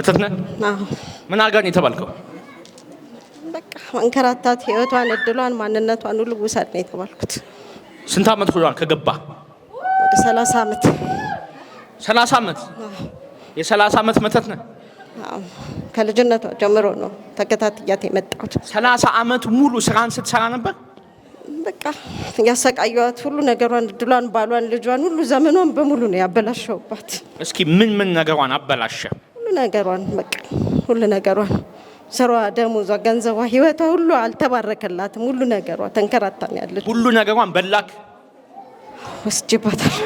መተት ነህ? ምን አድርጋ ነው የተባልከው? በቃ መንከራታት፣ ህይወቷን፣ እድሏን፣ ማንነቷን ሁሉ ውሰድ ነው የተባልኩት። ስንት አመት ሆኗል ከገባ? ወደ 30 አመት 30 አመት የ30 መተት ነህ? ከልጅነቷ ጀምሮ ነው ተከታትያት የመጣሁት። 30 አመት ሙሉ ስራን ስትሰራ ነበር። በቃ ያሰቃየዋት ሁሉ ነገሯን፣ እድሏን፣ ባሏን፣ ልጇን ሁሉ ዘመኗን በሙሉ ነው ያበላሸውባት። እስኪ ምን ምን ነገሯን አበላሸ? ሁሉ ነገሯን በቃ ሁሉ ነገሯን ስሯ፣ ደሞዟ፣ ገንዘቧ፣ ህይወቷ ሁሉ አልተባረከላትም። ሁሉ ነገሯ ተንከራታም ያለች ሁሉ ነገሯን በላክ ወስጅባታል።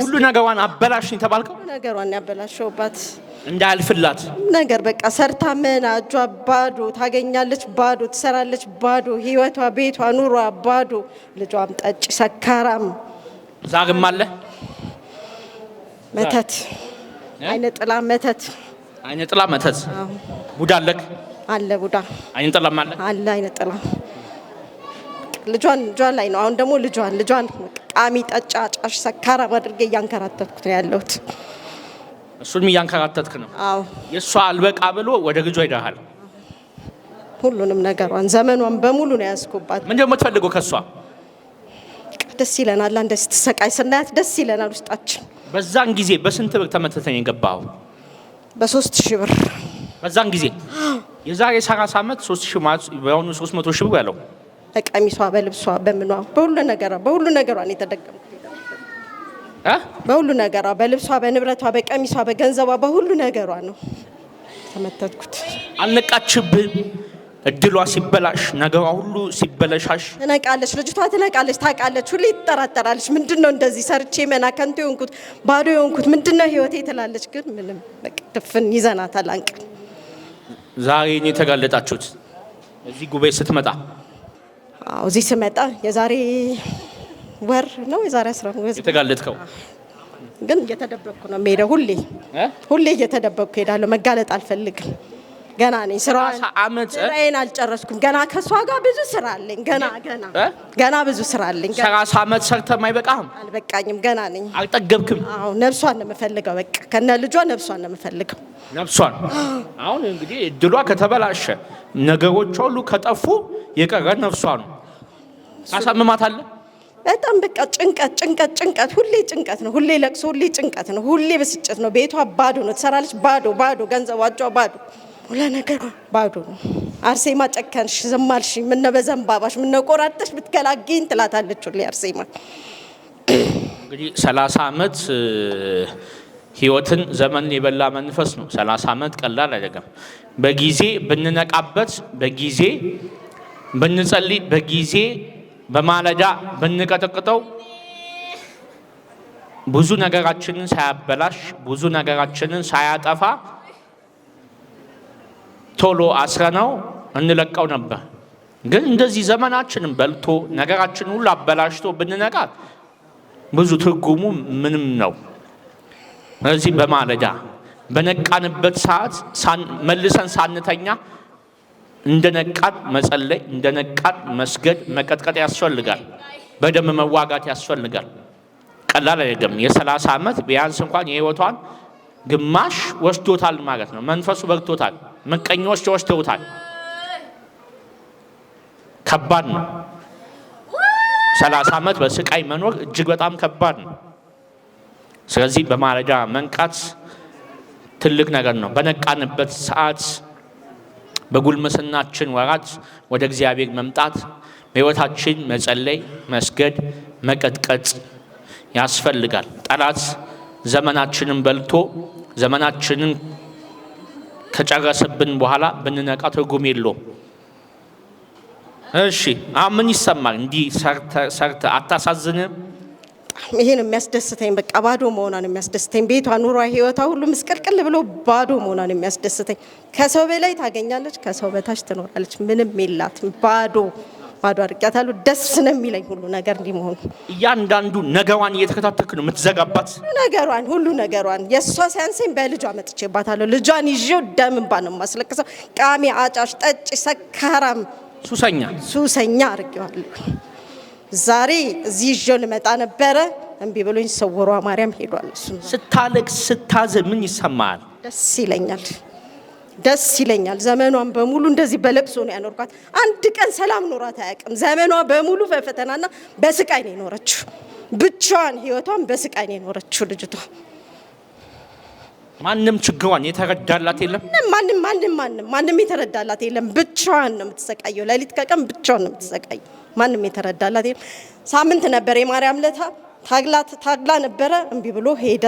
ሁሉ ነገሯን አበላሽ የተባልከው ነገሯን ያበላሸውባት እንዳያልፍላት ነገር በቃ ሰርታ ምን እጇ ባዶ ታገኛለች፣ ባዶ ትሰራለች፣ ባዶ ህይወቷ፣ ቤቷ፣ ኑሯ ባዶ ልጇም ጠጭ ሰካራም ዛግም አለ መተት አይነ ጥላ መተት አይነ ጥላ መተት ቡዳ አለክ አለ ቡዳ አይነ ጥላ አለ አለ አይነ ጥላ ልጇን ልጇን ላይ ነው። አሁን ደግሞ ልጇን ልጇን ቃሚ ጠጫ ጫሽ ሰካራም አድርጌ እያንከራተትኩት ነው ያለሁት። እሱንም እያንከራተትክ ነው? አዎ። የእሷ አልበቃ ብሎ ወደ ልጇ ይዳሃል። ሁሉንም ነገሯን ዘመኗን በሙሉ ነው ያዝኩባት። ምንድን ነው የምትፈልገው ከእሷ? ደስ ይለናል። እንደዚህ ስትሰቃይ ስናያት ደስ ይለናል ውስጣችን። በዛን ጊዜ በስንት ብር ተመተተን የገባው? በሶስት ሺህ ብር በዛን ጊዜ የዛሬ 30 ዓመት 3000 ማለት በአሁኑ 300 ሺህ ብር ያለው በቀሚሷ በልብሷ በምኗ በሁሉ ነገሯ በሁሉ ነገሯ ነው የተደገምኩት። በሁሉ ነገሯ በልብሷ በንብረቷ በቀሚሷ በገንዘቧ በሁሉ ነገሯ ነው ተመተትኩት። አልነቃችብህም? እድሏ ሲበላሽ ነገሯ ሁሉ ሲበለሻሽ ትነቃለች። ልጅቷ ትነቃለች፣ ታውቃለች፣ ሁሌ ትጠራጠራለች። ምንድን ነው እንደዚህ ሰርቼ መና ከንቱ የሆንኩት ባዶ የሆንኩት ምንድን ነው ህይወቴ ትላለች። ግን ምንም ድፍን ይዘናታል አንቅል። ዛሬ ነው የተጋለጣችሁት እዚህ ጉባኤ ስትመጣ? አዎ እዚህ ስመጣ የዛሬ ወር ነው የዛሬ አስራ የተጋለጥከው ግን እየተደበቅኩ ነው የምሄደው። ሁሌ ሁሌ እየተደበቅኩ ሄዳለሁ። መጋለጥ አልፈልግም። ገና ነኝ። ስራዋን ስራዬን አልጨረስኩም። ገና ከእሷ ጋር ብዙ ስራ አለኝ። ገና ገና ገና ብዙ ስራ አለኝ። ሰላሳ አመት ሰርተም አይበቃህም? አልበቃኝም። ገና ነኝ። አልጠገብክም? አዎ፣ ነብሷን ነው የምፈልገው። በቃ ከነ ልጇ ነብሷን ነው የምፈልገው። ነብሷን አሁን እንግዲህ እድሏ ከተበላሸ ነገሮቿ ሁሉ ከጠፉ የቀረ ነብሷ ነው። ታሳምማታለህ? በጣም በቃ ጭንቀት ጭንቀት ጭንቀት፣ ሁሌ ጭንቀት ነው። ሁሌ ለቅሶ፣ ሁሌ ጭንቀት ነው። ሁሌ ብስጭት ነው። ቤቷ ባዶ ነው። ትሰራለች፣ ባዶ ባዶ፣ ገንዘቧ ባዶ ለነገሩ ባዶ ነው። አርሴማ ጨከንሽ፣ ዝም አልሽ። ምነው በዘንባባሽ ምነው ቆራጠሽ ብትገላግኝ ትላታለች ሁሌ አርሴማ። እንግዲህ ሰላሳ አመት ህይወትን ዘመን የበላ መንፈስ ነው። ሰላሳ አመት ቀላል አይደለም። በጊዜ ብንነቃበት፣ በጊዜ ብንጸልይ፣ በጊዜ በማለዳ ብንቀጠቅጠው ብዙ ነገራችንን ሳያበላሽ ብዙ ነገራችንን ሳያጠፋ ቶሎ ነው እንለቀው ነበር። ግን እንደዚህ ዘመናችንን በልቶ ነገራችን ሁሉ አበላሽቶ ብንነቃ ብዙ ትርጉሙ ምንም ነው። ስለዚህ በማለዳ በነቃንበት ሰዓት መልሰን ሳንተኛ እንደ ነቃን መጸለይ፣ እንደ ነቃን መስገድ፣ መቀጥቀጥ ያስፈልጋል። በደም መዋጋት ያስፈልጋል። ቀላል አይደለም። የሰላሳ ዓመት ቢያንስ እንኳን የህይወቷን ግማሽ ወስዶታል ማለት ነው። መንፈሱ በርቶታል። ምቀኞች ወስደውታል። ከባድ ነው። ሰላሳ ዓመት በስቃይ መኖር እጅግ በጣም ከባድ ነው። ስለዚህ በማለዳ መንቃት ትልቅ ነገር ነው። በነቃንበት ሰዓት፣ በጉልምስናችን ወራት ወደ እግዚአብሔር መምጣት፣ በሕይወታችን መጸለይ፣ መስገድ፣ መቀጥቀጥ ያስፈልጋል። ጠላት ዘመናችንን በልቶ ዘመናችንን ከጨረሰብን በኋላ ብንነቃ ትርጉም የለውም። እሺ አሁን ምን ይሰማል? እንዲህ ሰርተ አታሳዝንም? ይሄ ነው የሚያስደስተኝ። በቃ ባዶ መሆኗን የሚያስደስተኝ፣ ቤቷ፣ ኑሯ፣ ህይወቷ ሁሉ ምስቅልቅል ብሎ ባዶ መሆኗን የሚያስደስተኝ። ከሰው በላይ ታገኛለች፣ ከሰው በታች ትኖራለች። ምንም የላትም ባዶ ባዶ አድርጊያታለሁ። ደስ ነው የሚለኝ ሁሉ ነገር እንዲህ እያንዳንዱ ነገሯን እየተከታተልክ ነው የምትዘጋባት ነገሯን፣ ሁሉ ነገሯን። የእሷ ሳያንሰኝ በልጇ መጥቼባታለሁ። ልጇን ይዤው ደም እንባ ነው የማስለቅሰው። ቃሚ፣ አጫሽ፣ ጠጭ፣ ሰካራም፣ ሱሰኛ ሱሰኛ አድርጌዋለሁ። ዛሬ እዚህ ይዤው ልመጣ ነበረ እምቢ ብሎኝ ሰውሯ ማርያም ሄዷል። እሱ ስታለቅ ስታዘ ምን ይሰማል? ደስ ይለኛል። ደስ ይለኛል። ዘመኗን በሙሉ እንደዚህ በለቅሶ ነው ያኖርኳት። አንድ ቀን ሰላም ኖራት አያውቅም። ዘመኗ በሙሉ በፈተናና በስቃይ ነው የኖረችው። ብቻዋን ህይወቷን በስቃይ ነው የኖረችው ልጅቷ። ማንም ችግሯን የተረዳላት የለም። ማንም ማንም ማንም ማንም የተረዳላት የለም። ብቻዋን ነው የምትሰቃየው። ሌሊት ከቀን ብቻዋን ነው የምትሰቃየው። ማንም የተረዳላት የለም። ሳምንት ነበር የማርያም ለታ ታግላ ነበረ። እምቢ ብሎ ሄደ።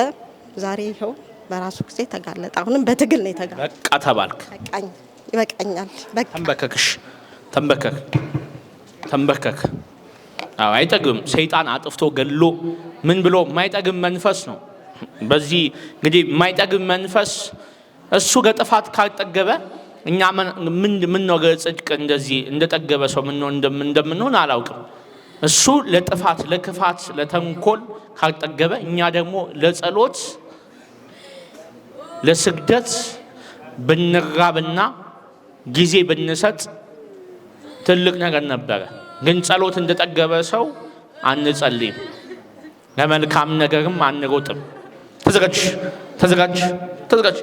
ዛሬ ይኸው በራሱ ጊዜ ተጋለጠ። አሁንም በትግል ነው የተጋለጠ። በቃ ተባልክ። በቃኝ፣ ይበቃኛል። በቃ ተንበከክሽ፣ ተንበከክ፣ ተንበከክ። አዎ አይጠግም። ሰይጣን አጥፍቶ ገሎ ምን ብሎ የማይጠግም መንፈስ ነው። በዚህ እንግዲህ የማይጠግም መንፈስ እሱ ገጥፋት ካልጠገበ እኛ ምን ነው ጽድቅ እንደዚህ እንደጠገበ ሰው ምን ነው እንደምንሆን አላውቅም። እሱ ለጥፋት ለክፋት ለተንኮል ካልጠገበ እኛ ደግሞ ለጸሎት ለስግደት ብንራብና ጊዜ ብንሰጥ ትልቅ ነገር ነበረ። ግን ጸሎት እንደጠገበ ሰው አንጸልይም፣ ለመልካም ነገርም አንሮጥም። ተዘጋጅ ተዘጋጅ ተዘጋጅ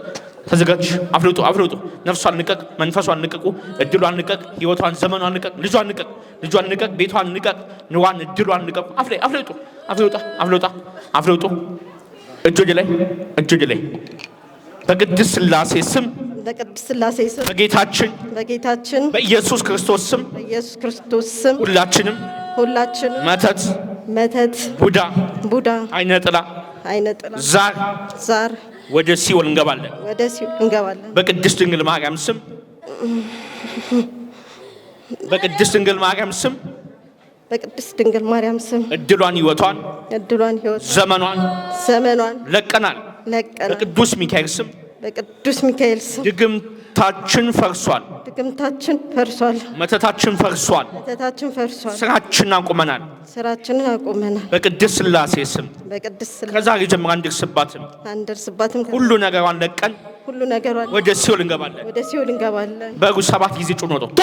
ተዘጋጅ፣ አፍልጡ አፍልጡ፣ ነፍሷን ንቀቅ መንፈሷን ንቀቁ እድሏን ንቀቅ ህይወቷን፣ ዘመኗን ልቀቅ፣ ልጇን ልቀቅ፣ ልጇን ልቀቅ፣ ቤቷን ልቀቅ፣ ንዋን፣ እድሏን ልቀቁ። አፍልጡ አፍልጡ አፍልጡ አፍልጡ፣ እጆች ላይ እጆች ላይ በቅድስት ሥላሴ ስም በቅድስት ሥላሴ ስም በጌታችን በጌታችን በኢየሱስ ክርስቶስ ስም በኢየሱስ ክርስቶስ ስም ሁላችንም ሁላችንም መተት መተት ቡዳ ቡዳ አይነ ጥላ አይነ ጥላ ዛር ዛር ወደ ሲኦል እንገባለን ወደ ሲኦል እንገባለን። በቅድስት ድንግል ማርያም ስም በቅድስት ድንግል ማርያም ስም በቅድስት ድንግል ማርያም ስም እድሏን ህይወቷን እድሏን ህይወቷን ዘመኗን ዘመኗን ለቀናል በቅዱስ ሚካኤል ስም በቅዱስ ሚካኤል ስም ድግምታችን ፈርሷል። ድግምታችን ፈርሷል። መተታችን ፈርሷል። መተታችን ፈርሷል። ስራችን አቁመናል። ስራችንን አቁመናል። በቅድስት ስላሴ ስም በቅድስት ሥላሴ ከዛሬ ጀምሮ አንደርስባትም አንደርስባትም። ሁሉ ነገሯን ለቀን ሁሉ ነገሯን ወደ ሲኦል እንገባለን። ወደ ሲኦል እንገባለን። በሩ ሰባት ጊዜ ጩኖ ቶሎ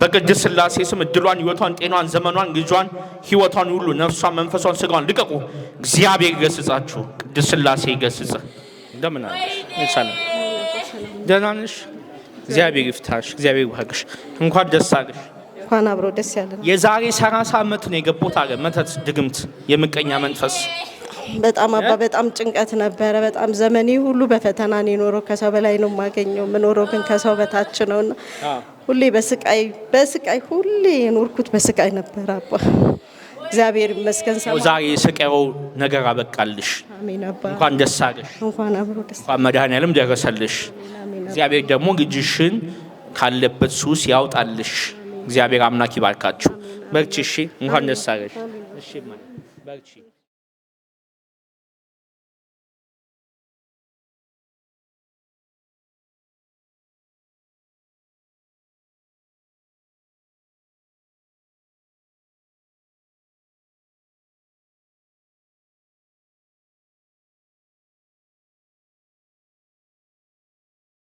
በቅድስት ስላሴ ስም እድሏን፣ ህይወቷን፣ ጤኗን፣ ዘመኗን፣ ልጇን፣ ህይወቷን ሁሉ ነፍሷን፣ መንፈሷን፣ ስጋዋን ልቀቁ። እግዚአብሔር ይገስጻችሁ። ቅድስት ስላሴ ይገስጽ። እንደምን ሰላም፣ ደህና ነሽ? እግዚአብሔር ይፍታሽ። እግዚአብሔር ይባርክሽ። እንኳን ደስ አለሽ። እንኳን አብሮ ደስ ያለ። የዛሬ ሰላሳ ዓመት ነው የገቦት አገ መተት፣ ድግምት፣ የምቀኛ መንፈስ በጣም አባ በጣም ጭንቀት ነበረ። በጣም ዘመኔ ሁሉ በፈተና ነው የኖረው። ከሰው በላይ ነው የማገኘው የምኖረው ግን ከሰው በታች ነውና ሁሌ በስቃይ በስቃይ ሁሌ የኖርኩት በስቃይ ነበር። አባ እግዚአብሔር ይመስገን። ዛሬ የስቃዩ ነገር አበቃልሽ። እንኳን ደስ አለሽ። እንኳን አብሮ ደረሰልሽ። እግዚአብሔር ደግሞ ልጅሽን ካለበት ሱስ ያውጣልሽ። እግዚአብሔር አምላክ ይባርካችሁ። በርቺ። እሺ፣ እንኳን ደስ አለሽ። እሺ፣ በርቺ።